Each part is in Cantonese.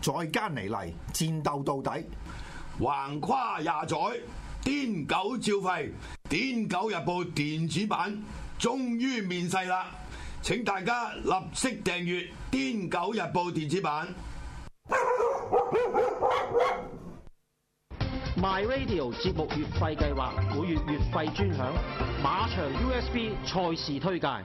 再艱難嚟，戰鬥到底。橫跨廿載，癲狗照吠。癲狗日報電子版終於面世啦，請大家立即訂閱癲狗日報電子版。子版 My Radio 節目月費計劃，每月月費專享。馬場 USB 賽事推介。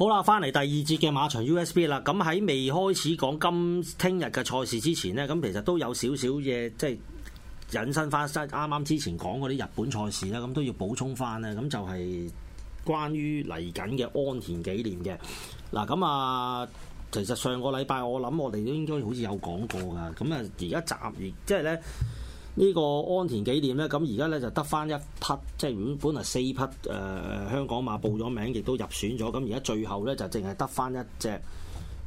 好啦，翻嚟第二節嘅馬場 USB 啦。咁、嗯、喺未開始講今聽日嘅賽事之前呢，咁、嗯、其實都有少少嘢，即係引申翻，即係啱啱之前講嗰啲日本賽事啦，咁、嗯、都要補充翻咧。咁、嗯、就係、是、關於嚟緊嘅安田紀念嘅。嗱、嗯，咁、嗯、啊，其實上個禮拜我諗我哋都應該好似有講過噶。咁、嗯、啊，而家暫即係呢。呢個安田紀念呢，咁而家呢就得返一匹，即係本本嚟四匹誒、呃、香港馬報咗名，亦都入選咗。咁而家最後呢，就淨係得返一隻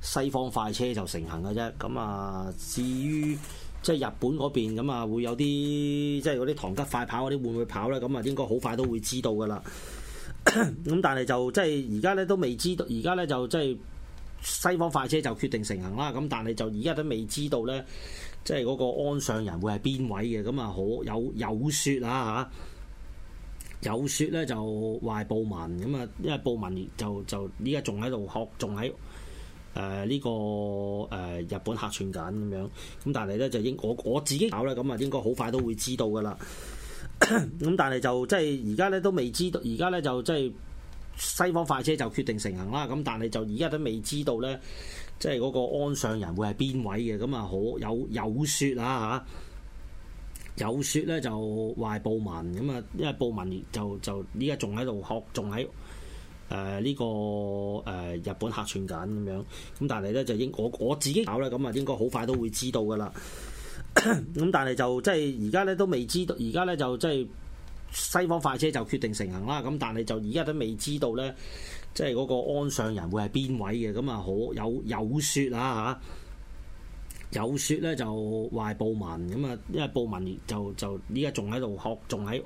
西方快車就成行嘅啫。咁啊，至於即係日本嗰邊，咁啊會有啲即係嗰啲唐吉快跑嗰啲會唔會跑呢？咁啊應該好快都會知道㗎啦。咁但係就即係而家呢都未知道，而家呢就即係西方快車就決定成行啦。咁但係就而家都未知道呢。即係嗰個安上人會係邊位嘅？咁啊，好，有有説啊嚇？有説咧就話係布文咁啊，因為布文就就依家仲喺度學，仲喺誒呢個誒、呃、日本客串緊咁樣。咁但係咧就應我我自己搞咧，咁啊應該好快都會知道噶啦。咁但係就即係而家咧都未知道，而家咧就即係西方快車就決定成行啦。咁但係就而家都未知道咧。即係嗰個安上人會係邊位嘅咁啊？好，有有説啊嚇？有説咧就話係報文咁啊，因為報文就就依家仲喺度學，仲喺誒呢個誒、呃、日本客串緊咁樣。咁但係咧就應我我自己搞咧，咁啊應該好快都會知道㗎喇。咁但係就即係而家咧都未知道，而家咧就即係西方快車就決定成行啦。咁但係就而家都未知道咧。即係嗰個安上人會係邊位嘅咁啊？好，有有説啊嚇？有説咧就話係報文咁啊，因為報文就就依家仲喺度學，仲喺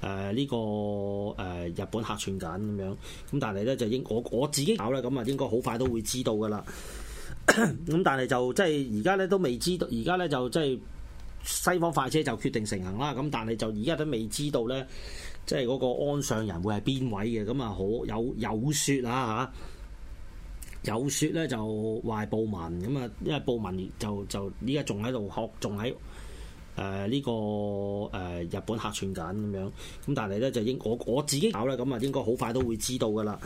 誒呢個誒、呃、日本客串緊咁樣。咁但係咧就應我我自己搞咧，咁啊應該好快都會知道㗎喇。咁但係就即係而家咧都未知道，而家咧就即係。西方快車就決定成行啦，咁但係就而家都未知道咧，即係嗰個鞍上人會係邊位嘅，咁啊好，有有説啊嚇，有説咧、啊、就話係布文，咁啊因為布文就就依家仲喺度學，仲喺誒呢個誒、呃、日本客串緊咁樣，咁但係咧就應我我自己搞咧，咁啊應該好快都會知道噶啦，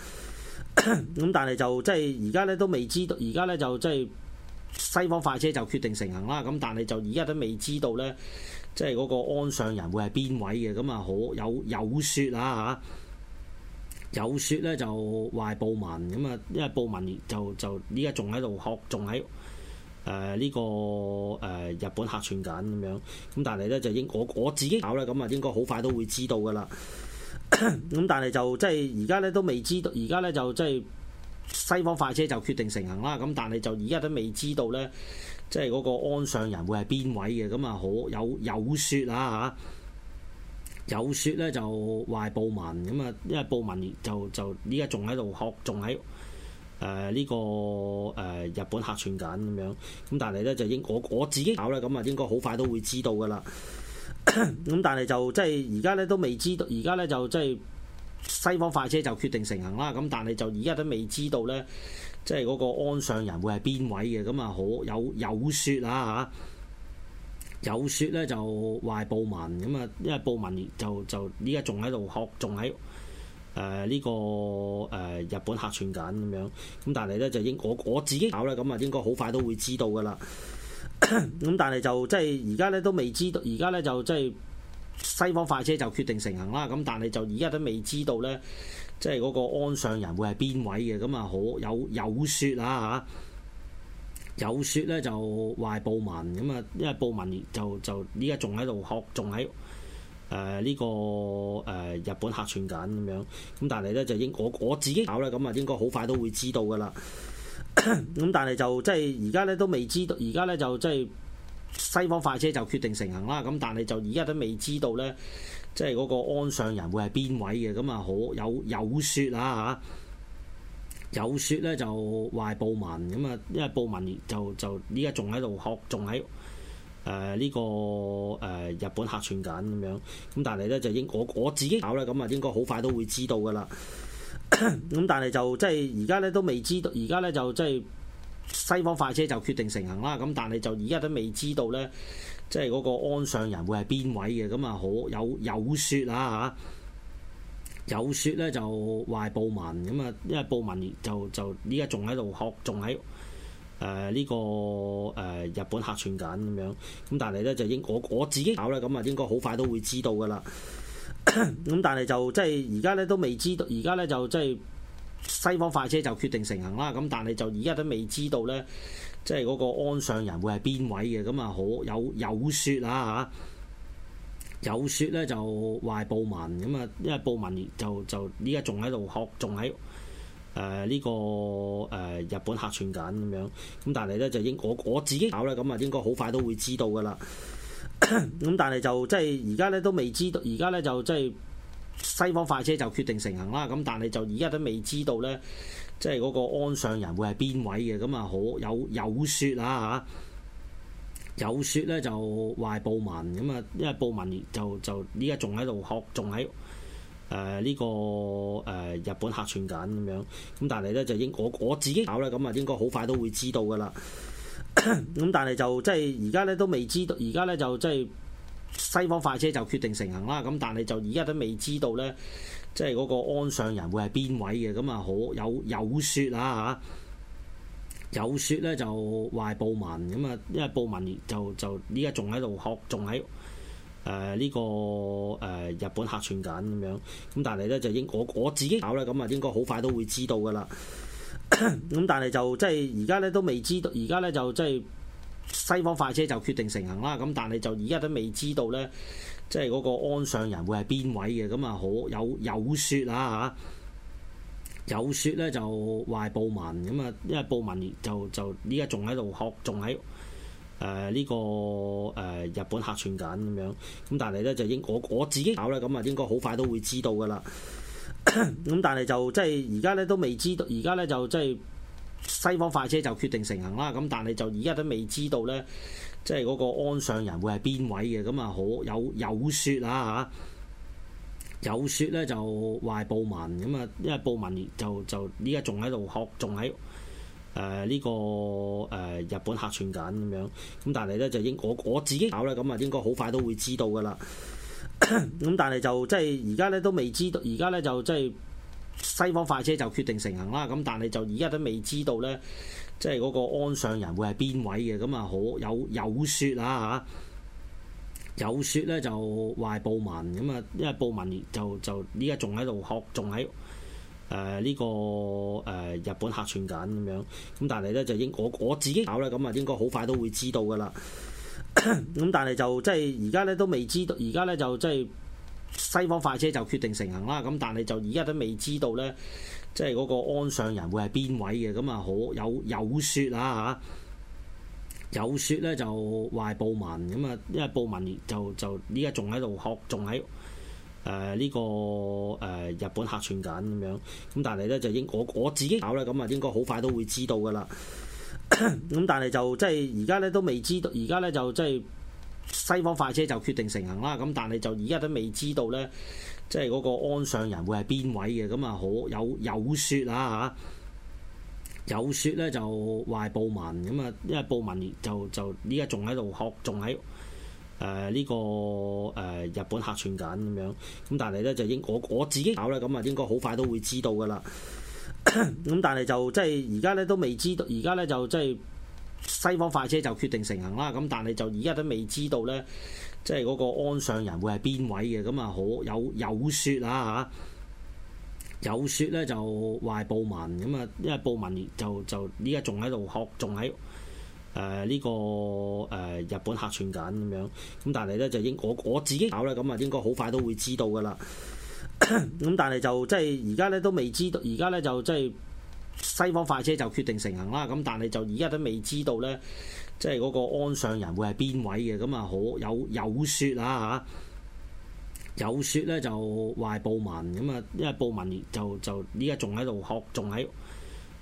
咁但係就即係而家咧都未知道，而家咧就即係。西方快車就決定成行啦，咁但係就而家都未知道咧，即係嗰個鞍上人會係邊位嘅，咁啊好，有有説啊嚇，有説咧、啊、就話係布紋，咁啊因為布紋就就而家仲喺度學，仲喺誒呢個誒、呃、日本客串緊咁樣，咁但係咧就應我我自己搞咧，咁啊應該好快都會知道㗎喇，咁但係就即係而家咧都未知道，而家咧就即係。西方快車就決定成行啦，咁但係就而家都未知道咧，即係嗰個鞍上人會係邊位嘅，咁啊好，有有説啊嚇，有説咧、啊、就話係布文，咁啊因為布文就就依家仲喺度學，仲喺誒呢個誒、呃、日本客串緊咁樣，咁但係咧就應該我我自己搞咧，咁啊應該好快都會知道噶啦，咁但係就即係而家咧都未知道，而家咧就即係。西方快車就決定成行啦，咁但係就而家都未知道咧，即係嗰個安上人會係邊位嘅，咁啊好，有有説啊嚇，有説咧、啊、就話係布文，咁啊因為布文就就而家仲喺度學，仲喺誒呢個誒、呃、日本客串緊咁樣，咁但係咧就應我我自己搞咧，咁啊應該好快都會知道噶啦，咁 但係就即係而家咧都未知道，而家咧就即係。西方快車就決定成行啦，咁但係就而家都未知道咧，即係嗰個鞍上人會係邊位嘅，咁啊好，有有説啊嚇，有説咧、啊、就話係布文，咁啊因為布文就就依家仲喺度學，仲喺誒呢個誒、呃、日本客串緊咁樣，咁但係咧就應該我我自己搞咧，咁啊應該好快都會知道噶啦，咁但係就即係而家咧都未知道，而家咧就即係。西方快車就決定成行啦，咁但係就而家都未知道咧，即係嗰個鞍上人會係邊位嘅，咁啊好，有有説啊嚇，有説咧、啊、就話係布文，咁啊因為布文就就依家仲喺度學，仲喺誒呢個誒、呃、日本客串緊咁樣，咁但係咧就應我我自己搞咧，咁啊應該好快都會知道噶啦，咁但係就即係而家咧都未知道，而家咧就即係。西方快車就決定成行啦，咁但係就而家都未知道咧，即係嗰個安上人會係邊位嘅，咁啊好，有有説啊嚇，有説咧、啊、就壞布文，咁啊因為布文就就依家仲喺度學，仲喺誒呢個誒、呃、日本客串緊咁樣，咁但係咧就應該我我自己搞咧，咁啊應該好快都會知道噶啦，咁但係就即係而家咧都未知道，而家咧就即係。西方快車就決定成行啦，咁但係就而家都未知道咧，即係嗰個安上人會係邊位嘅，咁啊好，有有説啊嚇，有説咧、啊、就話係布紋，咁啊因為布紋就就依家仲喺度學，仲喺誒呢個誒、呃、日本客串緊咁樣，咁但係咧就應該我我自己搞咧，咁啊應該好快都會知道噶啦，咁 但係就即係而家咧都未知道，而家咧就即係。西方快車就決定成行啦，咁但係就而家都未知道咧，即係嗰個鞍上人會係邊位嘅，咁啊好，有有説啊嚇，有説咧、啊、就話係布文，咁啊因為布文就就依家仲喺度學，仲喺誒呢個誒、呃、日本客串緊咁樣，咁但係咧就應該我我自己搞咧，咁啊應該好快都會知道噶啦，咁但係就即係而家咧都未知道，而家咧就即係。西方快車就決定成行啦，咁但係就而家都未知道咧，即係嗰個鞍上人會係邊位嘅，咁啊，好有有説啊嚇，有説咧、啊、就話係布文，咁啊因為布文就就依家仲喺度學，仲喺誒呢個誒、呃、日本客串緊咁樣，咁但係咧就應該我我自己搞啦，咁啊應該好快都會知道噶啦，咁 但係就即係而家咧都未知道，而家咧就即係。西方快車就決定成行啦，咁但係就而家都未知道咧，即係嗰個鞍上人會係邊位嘅，咁啊好，有有説啊嚇，有説咧、啊、就話係布文，咁啊因為布文就就依家仲喺度學，仲喺誒呢個誒、呃、日本客串緊咁樣，咁但係咧就應該我我自己搞咧，咁啊應該好快都會知道噶啦，咁但係就即係而家咧都未知道，而家咧就即係。西方快車就決定成行啦，咁但係就而家都未知道咧，即係嗰個鞍上人會係邊位嘅，咁啊好，有有説啊嚇，有説咧、啊、就話係布紋，咁啊因為布紋就就依家仲喺度學，仲喺誒呢個誒、呃、日本客串緊咁樣，咁但係咧就應該我我自己搞咧，咁啊應該好快都會知道噶啦，咁但係就即係而家咧都未知道，而家咧就即係。西方快車就決定成行啦，咁但係就而家都未知道咧，即係嗰個鞍上人會係邊位嘅，咁啊好，有有説啊嚇，有説咧、啊、就話係布文，咁啊因為布文就就依家仲喺度學，仲喺誒呢個誒、呃、日本客串緊咁樣，咁但係咧就應我我自己搞咧，咁啊應該好快都會知道噶啦，咁但係就即係而家咧都未知道，而家咧就即係。西方快車就決定成行啦，咁但係就而家都未知道咧，即係嗰個安上人會係邊位嘅，咁啊好，有有説啊嚇，有説咧、啊、就話係布文，咁啊因為布文就就而家仲喺度學，仲喺誒呢個誒、呃、日本客串緊咁樣，咁但係咧就應該我我自己搞咧，咁啊應該好快都會知道噶啦，咁 但係就即係而家咧都未知道，而家咧就即係。西方快車就決定成行啦，咁但係就而家都未知道咧，即係嗰個鞍上人會係邊位嘅，咁啊好，有有說啊嚇，有說咧、啊、就話係布文，咁啊因為布文就就依家仲喺度學，仲喺誒呢個誒、呃、日本客串緊咁樣，咁但係咧就應我我自己搞咧，咁啊應該好快都會知道噶啦，咁但係就即係而家咧都未知道，而家咧就即係。西方快車就決定成行啦，咁但係就而家都未知道咧，即係嗰個鞍上人會係邊位嘅，咁啊好，有有説啊嚇，有説咧、啊、就話係布紋，咁啊因為布紋就就依家仲喺度學，仲喺誒呢個誒、呃、日本客串緊咁樣，咁但係咧就應該我我自己搞啦，咁啊應該好快都會知道噶啦，咁但係就即係而家咧都未知道，而家咧就即係。西方快車就決定成行啦，咁但係就而家都未知道咧，即係嗰個鞍上人會係邊位嘅，咁啊好，有有説啊嚇，有説咧、啊、就話係布文，咁啊因為布文就就依家仲喺度學，仲喺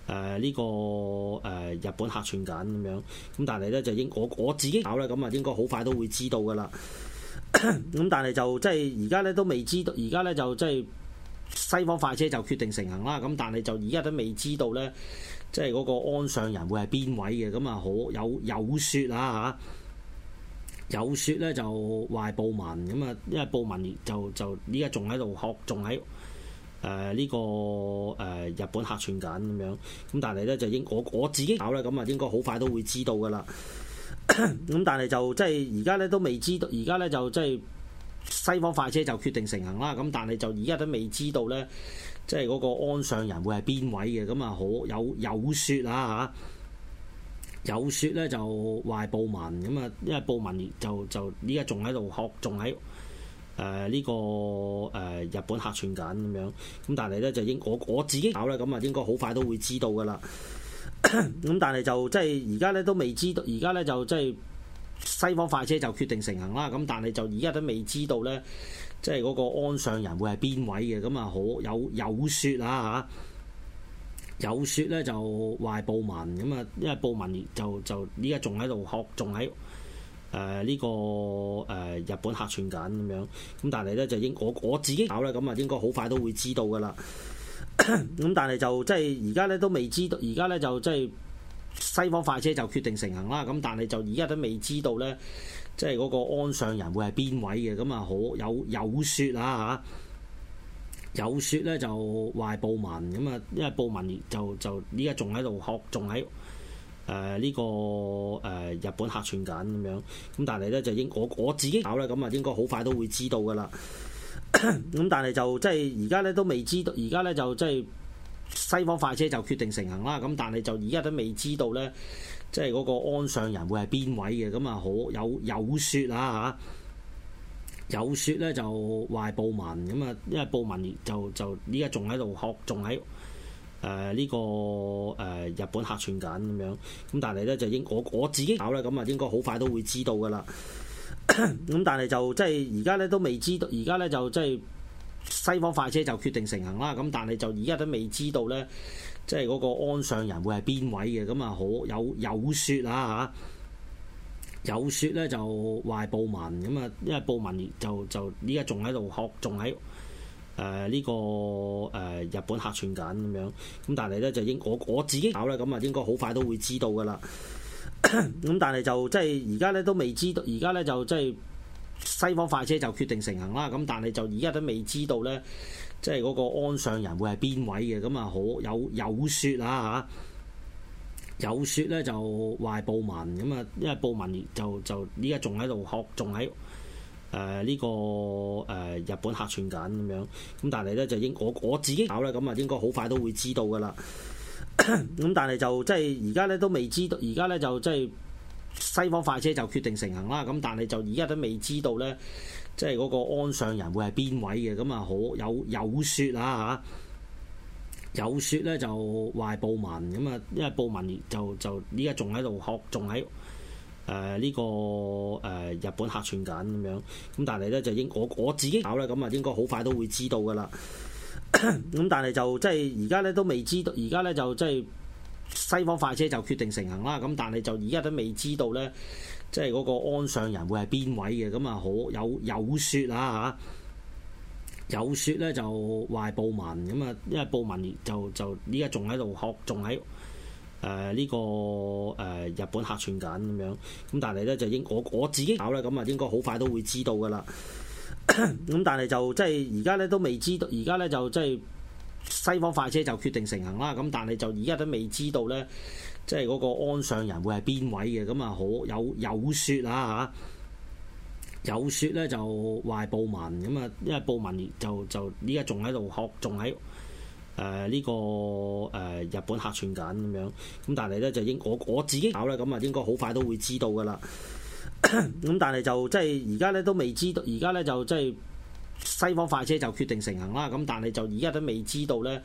誒呢個誒、呃、日本客串緊咁樣，咁但係咧就應我我自己搞咧，咁啊應該好快都會知道㗎喇，咁但係就即係而家咧都未知道，而家咧就即係。西方快車就決定成行啦，咁但係就而家都未知道咧，即係嗰個鞍上人會係邊位嘅，咁啊好，有有説啊嚇，有説咧、啊、就話係布紋，咁啊因為布紋就就依家仲喺度學，仲喺誒呢個誒、呃、日本客串緊咁樣，咁但係咧就應該我我自己搞啦，咁啊應該好快都會知道噶啦，咁但係就即係而家咧都未知道，而家咧就即係。西方快車就決定成行啦，咁但係就而家都未知道咧，即係嗰個安上人會係邊位嘅，咁啊，好，有有説啊嚇，有説咧、啊、就話係布文，咁啊，因為布文就就依家仲喺度學，仲喺誒呢個誒、呃、日本客串緊咁樣，咁但係咧就應我我自己搞咧，咁啊應該好快都會知道噶啦，咁 但係就即係而家咧都未知道，而家咧就即係。西方快車就決定成行啦，咁但係就而家都未知道咧，即係嗰個安上人會係邊位嘅，咁啊，好，有有説啊嚇，有説咧、啊、就話係布文，咁啊，因為布文就就依家仲喺度學，仲喺誒呢個誒、呃、日本客串緊咁樣，咁但係咧就應該我我自己搞啦，咁啊應該好快都會知道噶啦，咁但係就即係而家咧都未知道，而家咧就即係。西方快車就決定成行啦，咁但係就而家都未知道咧，即係嗰個鞍上人會係邊位嘅，咁啊，好有有説啊嚇，有説咧、啊、就話係布文，咁啊因為布文就就依家仲喺度學，仲喺誒呢個誒、呃、日本客串緊咁樣，咁但係咧就應我我自己搞咧，咁啊應該好快都會知道噶啦，咁 但係就即係而家咧都未知道，而家咧就即係。西方快車就決定成行啦，咁但係就而家都未知道咧，即係嗰個鞍上人會係邊位嘅，咁啊好，有有説啊嚇，有説咧、啊、就話係布紋，咁啊因為布紋就就依家仲喺度學，仲喺誒呢個誒、呃、日本客串緊咁樣，咁但係咧就應該我我自己搞啦，咁啊應該好快都會知道噶啦，咁但係就即係而家咧都未知道，而家咧就即係。西方快車就決定成行啦，咁但係就而家都未知道咧，即係嗰個鞍上人會係邊位嘅，咁啊好，有有説啊嚇，有説咧、啊、就話係布文，咁啊因為布文就就依家仲喺度學，仲喺誒呢個誒、呃、日本客串緊咁樣，咁但係咧就應我我自己搞咧，咁啊應該好快都會知道㗎喇，咁 但係就即係而家咧都未知道，而家咧就即係。西方快車就決定成行啦，咁但係就而家都未知道咧，即係嗰個安上人會係邊位嘅，咁啊好，有有説啊嚇，有説咧、啊、就話係布文，咁啊因為布文就就依家仲喺度學，仲喺誒呢個誒、呃、日本客串緊咁樣，咁但係咧就應該我我自己搞啦，咁啊應該好快都會知道噶啦，咁但係就即係而家咧都未知道，而家咧就即係。西方快車就決定成行啦，咁但係就而家都未知道咧，即係嗰個鞍上人會係邊位嘅，咁啊好，有有説啊嚇，有説咧、啊、就話係布文，咁啊因為布文就就依家仲喺度學，仲喺誒呢個誒、呃、日本客串緊咁樣，咁但係咧就應我我自己搞咧，咁啊應該好快都會知道噶啦，咁但係就即係而家咧都未知道，而家咧就即係。西方快車就決定成行啦，咁但係就而家都未知道咧，即係嗰個鞍上人會係邊位嘅，咁啊好，有有説啊嚇，有説咧、啊、就話係布文，咁啊因為布文就就而家仲喺度學，仲喺誒呢個誒、呃、日本客串緊咁樣，咁但係咧就應該我我自己搞咧，咁啊應該好快都會知道噶啦，咁但係就即係而家咧都未知道，而家咧就即係。西方快車就決定成行啦，咁但係就而家都未知道咧，即係嗰個鞍上人會係邊位嘅，咁啊好，有有説啊嚇，有説咧、啊、就話係布文，咁啊因為布文就就依家仲喺度學，仲喺誒呢個誒、呃、日本客串緊咁樣，咁但係咧就應該我我自己搞咧，咁啊應該好快都會知道㗎喇，咁但係就即係而家咧都未知道，而家咧就即係。西方快車就決定成行啦，咁但係就而家都未知道咧，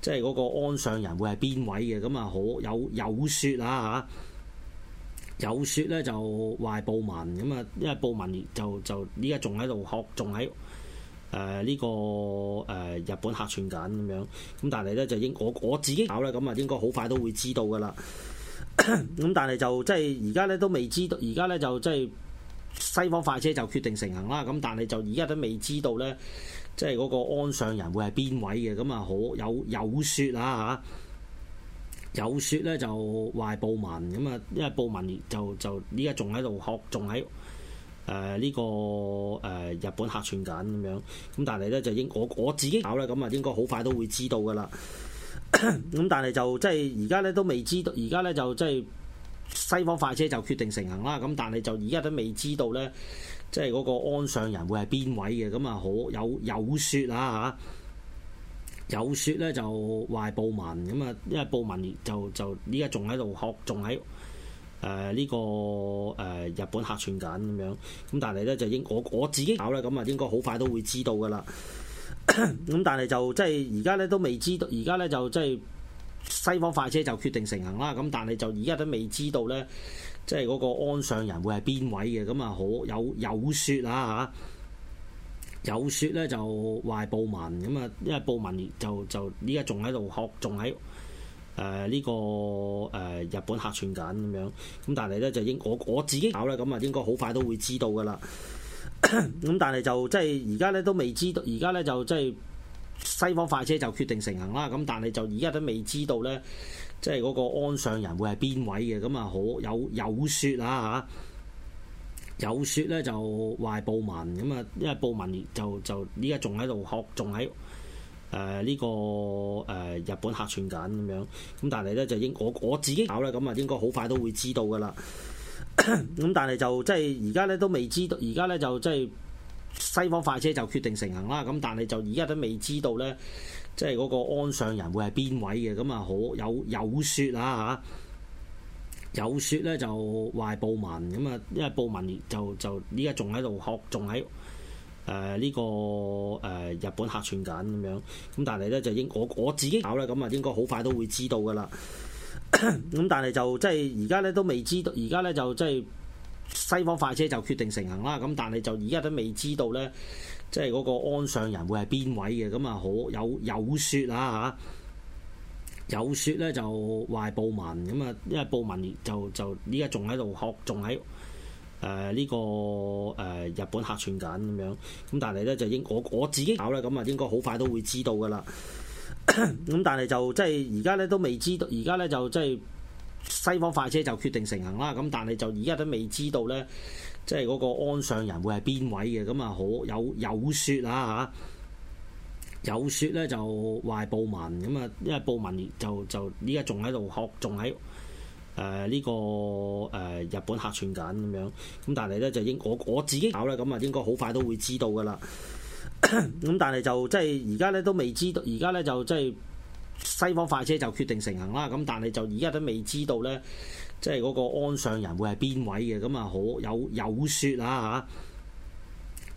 即係嗰個鞍上人會係邊位嘅，咁啊好，有有説啊嚇，有説咧、啊、就話係布文，咁啊因為布文就就而家仲喺度學，仲喺誒呢個誒、呃、日本客串緊咁樣，咁但係咧就應該我我自己搞咧，咁啊應該好快都會知道噶啦，咁但係就即係而家咧都未知道，而家咧就即係。西方快車就決定成行啦，咁但係就而家都未知道咧，即係嗰個鞍上人會係邊位嘅，咁啊好，有有説啊嚇，有説咧就話係布文，咁啊因為布文就就依家仲喺度學，仲喺誒呢個誒、呃、日本客串緊咁樣，咁但係咧就應該我我自己搞咧，咁啊應該好快都會知道噶啦，咁但係就即係而家咧都未知道，而家咧就即係。西方快車就決定成行啦，咁但係就而家都未知道咧，即係嗰個鞍上人會係邊位嘅，咁啊好，有有説啊嚇，有説咧、啊、就話係布文，咁啊因為布文就就而家仲喺度學，仲喺誒呢個誒、呃、日本客串緊咁樣，咁但係咧就應我我自己搞咧，咁啊應該好快都會知道噶啦，咁但係就即係而家咧都未知道，而家咧就即係。西方快車就決定成行啦，咁但係就而家都未知道咧，即係嗰個鞍上人會係邊位嘅，咁啊好，有有説啊嚇，有説咧、啊、就話係布文，咁啊因為布文就就而家仲喺度學，仲喺誒呢個誒、呃、日本客串緊咁樣，咁但係咧就應該我我自己搞咧，咁啊應該好快都會知道噶啦，咁 但係就即係而家咧都未知道，而家咧就即係。西方快車就決定成行啦，咁但係就而家都未知道咧，即係嗰個鞍上人會係邊位嘅，咁啊，好，有有説啊嚇，有説咧、啊、就話係布紋，咁啊，因為布紋就就依家仲喺度學，仲喺誒呢個誒、呃、日本客串緊咁樣，咁但係咧就應我我自己搞咧，咁啊應該好快都會知道噶啦，咁但係就即係而家咧都未知道，而家咧就即係。西方快車就決定成行啦，咁但係就而家都未知道咧，即係嗰個鞍上人會係邊位嘅，咁啊，好，有有説啊嚇，有説咧、啊、就話係布文，咁啊，因為布文就就而家仲喺度學，仲喺誒呢個誒、呃、日本客串緊咁樣，咁但係咧就應該我我自己搞咧，咁啊應該好快都會知道噶啦，咁但係就即係而家咧都未知道，而家咧就即係。西方快車就決定成行啦，咁但係就而家都未知道咧，即係嗰個鞍上人會係邊位嘅，咁啊，好，有有説啊嚇，有説咧、啊、就話係鮑文，咁啊，因為鮑文就就依家仲喺度學，仲喺誒呢個誒、呃、日本客串緊咁樣，咁但係咧就應我我自己搞咧，咁啊應該好快都會知道㗎啦，咁但係就即係而家咧都未知道，而家咧就即係。西方快車就決定成行啦，咁但係就而家都未知道咧，即係嗰個鞍上人會係邊位嘅，咁啊好，有有説啊嚇，有説咧、啊、就話係布文，咁啊因為布文就就而家仲喺度學，仲喺誒呢個誒、呃、日本客串緊咁樣，咁但係咧就應我我自己搞咧，咁啊應該好快都會知道噶啦，咁但係就即係而家咧都未知道，而家咧就即係。西方快車就決定成行啦，咁但係就而家都未知道呢，即係嗰個鞍上人會係邊位嘅，咁啊好，有有説啊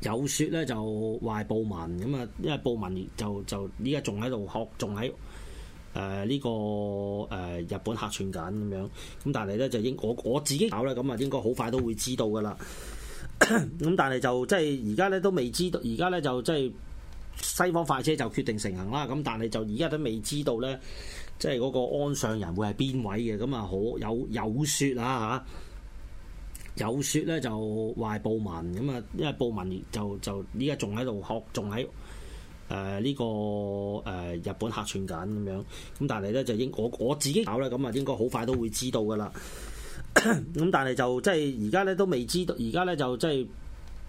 嚇，有説呢、啊、就話係布紋，咁啊因為布紋就就依家仲喺度學，仲喺誒呢個誒、呃、日本客串緊咁樣，咁但係呢，就應我我自己搞咧，咁啊應該好快都會知道噶啦，咁但係就即係而家呢都未知道，而家呢就即係。西方快車就決定成行啦，咁但係就而家都未知道咧，即係嗰個鞍上人會係邊位嘅，咁啊好，有有説啊嚇，有説咧、啊、就話係布文，咁啊因為布文就就而家仲喺度學，仲喺誒呢個誒、呃、日本客串緊咁樣，咁但係咧就應該我我自己搞咧，咁啊應該好快都會知道㗎啦，咁但係就即係而家咧都未知道，而家咧就即係。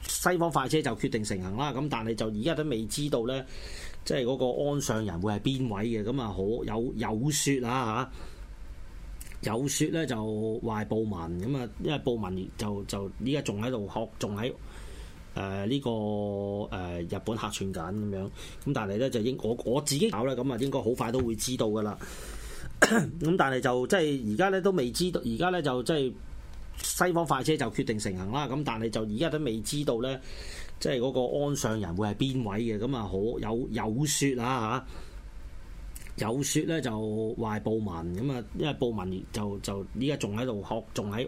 西方快車就決定成行啦，咁但係就而家都未知道呢，即係嗰個安上人會係邊位嘅，咁啊，好，有有説啊嚇，有説呢、啊、就話係布文，咁啊，因為布文就就依家仲喺度學，仲喺誒呢個誒、呃、日本客串緊咁樣，咁但係呢，就應我我自己搞咧，咁啊應該好快都會知道噶啦，咁但係就即係而家呢都未知道，而家呢就即係。西方快車就決定成行啦，咁但係就而家都未知道咧，即係嗰個鞍上人會係邊位嘅，咁啊好，有有説啊嚇，有説咧、啊、就話係布文，咁啊因為布文就就而家仲喺度學，仲喺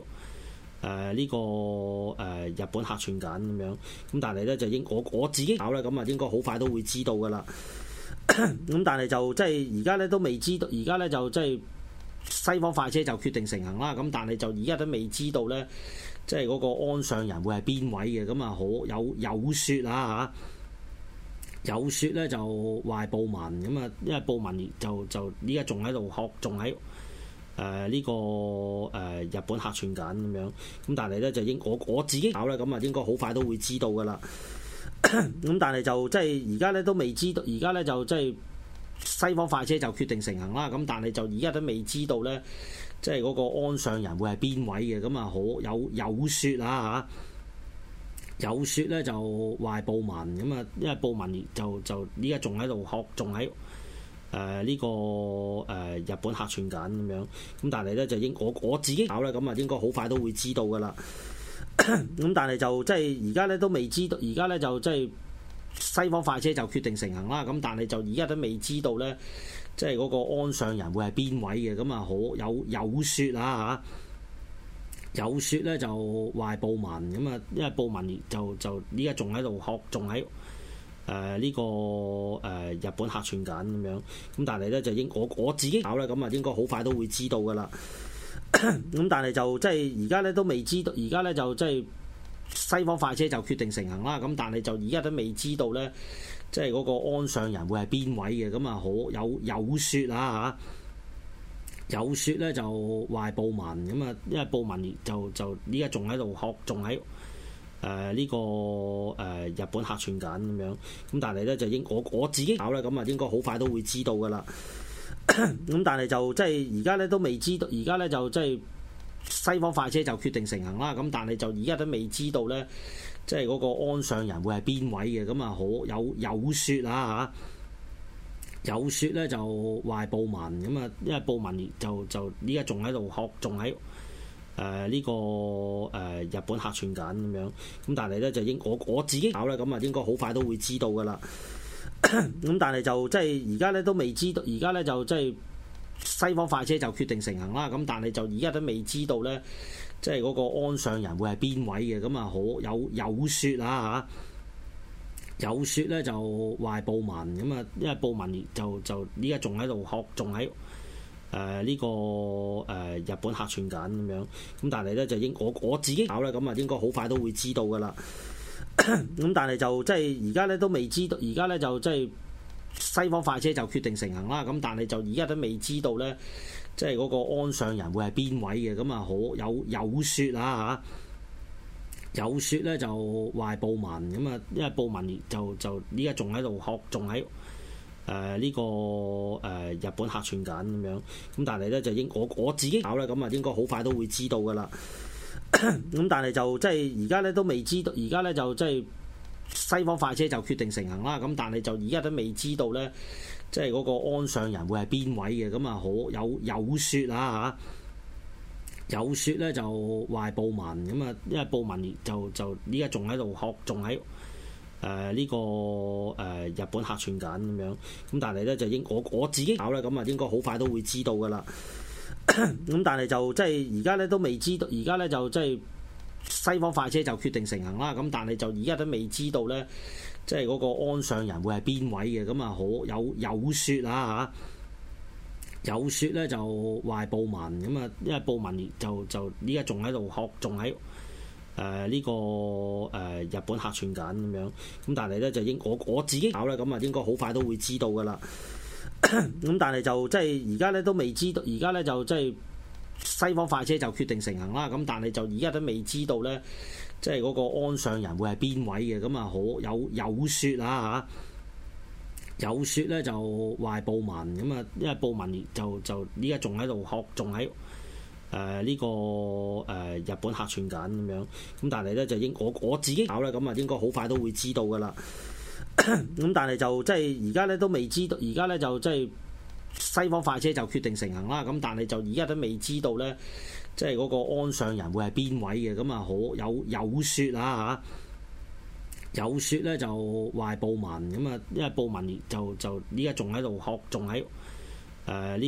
誒呢個誒、呃、日本客串緊咁樣，咁但係咧就應該我我自己搞咧，咁啊應該好快都會知道噶啦，咁但係就即係而家咧都未知道，而家咧就即係。西方快車就決定成行啦，咁但係就而家都未知道咧，即係嗰個鞍上人會係邊位嘅，咁啊好，有有説啊嚇，有説咧、啊、就話係布紋，咁啊因為布紋就就而家仲喺度學，仲喺誒呢個誒、呃、日本客串緊咁樣，咁但係咧就應我我自己搞咧，咁啊應該好快都會知道噶啦，咁 但係就即係而家咧都未知道，而家咧就即係。西方快車就決定成行啦，咁但係就而家都未知道咧，即係嗰個安上人會係邊位嘅，咁啊好，有有説啊嚇，有説咧、啊、就話係布文，咁啊因為布文就就而家仲喺度學，仲喺誒呢個誒、呃、日本客串緊咁樣，咁但係咧就應該我我自己搞咧，咁啊應該好快都會知道㗎喇，咁但係就即係而家咧都未知道，而家咧就即係。西方快車就決定成行啦，咁但係就而家都未知道咧，即係嗰個鞍上人會係邊位嘅，咁啊好，有有説啊嚇，有説咧，就話係布紋，咁啊因為布紋就就依家仲喺度學，仲喺誒呢個誒、呃、日本客串緊咁樣，咁但係咧就應我我自己搞啦，咁啊應該好快都會知道㗎喇，咁但係就即係而家咧都未知道，而家咧就即係。西方快車就決定成行啦，咁但係就而家都未知道咧，即係嗰個安上人會係邊位嘅，咁啊好，有有説啊嚇，有説咧、啊、就話係布紋，咁啊因為布紋就就而家仲喺度學，仲喺誒呢個誒、呃、日本客串緊咁樣，咁但係咧就應該我我自己搞啦，咁啊應該好快都會知道噶啦，咁但係就即係而家咧都未知道，而家咧就即係。西方快車就決定成行啦，咁但係就而家都未知道咧，即係嗰個鞍上人會係邊位嘅，咁啊好，有有説啊嚇，有説咧、啊、就話係布紋，咁啊因為布紋就就依家仲喺度學，仲喺誒呢個誒、呃、日本客串緊咁樣，咁但係咧就應我我自己搞啦，咁啊應該好快都會知道㗎喇，咁 但係就即係而家咧都未知道，而家咧就即係。就是西方快車就決定成行啦，咁但係就而家都未知道咧，即係嗰個安上人會係邊位嘅，咁啊好，有有説啊嚇，有説咧、啊、就話係布紋，咁啊因為布紋就就而家仲喺度學，仲喺誒呢個誒、呃、日本客串緊咁樣，咁但係咧就應我我自己搞咧，咁啊應該好快都會知道噶啦，咁但係就即係而家咧都未知道，而家咧就即係。西方快車就決定成行啦，咁但係就而家都未知道咧，即係嗰個鞍上人會係邊位嘅，咁啊好，有有説啊嚇，有説咧、啊、就話係布文，咁啊因為布文就就依家仲喺度學，仲喺誒呢個誒、呃、日本客串緊咁樣，咁但係咧就應該我我自己搞咧，咁啊應該好快都會知道噶啦，咁但係就即係而家咧都未知道，而家咧就即係。西方快車就決定成行啦，咁但係就而家都未知道咧，即係嗰個鞍上人會係邊位嘅，咁啊好，有有説啊嚇，有説咧、啊、就話係布紋，咁啊因為布紋就就而家仲喺度學，仲喺誒呢個誒、呃、日本客串緊咁樣，咁但係咧就應我我自己搞咧，咁啊應該好快都會知道噶啦，咁但係就即係而家咧都未知道，而家咧就即係。西方快車就決定成行啦，咁但係就而家都未知道咧，即係嗰個鞍上人會係邊位嘅，咁啊好，有有説啊嚇，有説咧、啊、就話係布紋，咁啊因為布紋就就依家仲喺度學，仲喺誒呢個誒、呃、日本客串緊咁樣，咁但係咧就應該我我自己搞咧，咁啊應該好快都會知道噶啦，咁 但係就即係而家咧都未知道，而家咧就即係。西方快車就決定成行啦，咁但係就而家都未知道咧，即係嗰個安上人會係邊位嘅，咁啊好，有有説啊嚇，有説咧、啊、就話係布文，咁啊因為布文就就而家仲喺度學，仲喺誒呢個誒、呃、日本客串緊咁樣，咁但係咧就應我我自己搞咧，咁啊應該好快都會知道噶啦，咁但係就即係而家咧都未知道，而家咧就即係。西方快車就決定成行啦，咁但係就而家都未知道咧，即係個鞍上人會係邊位嘅，咁啊好，有有說啊吓，有說咧、啊、就話係布文，咁啊因為布文就就而家仲喺度學，仲喺誒呢。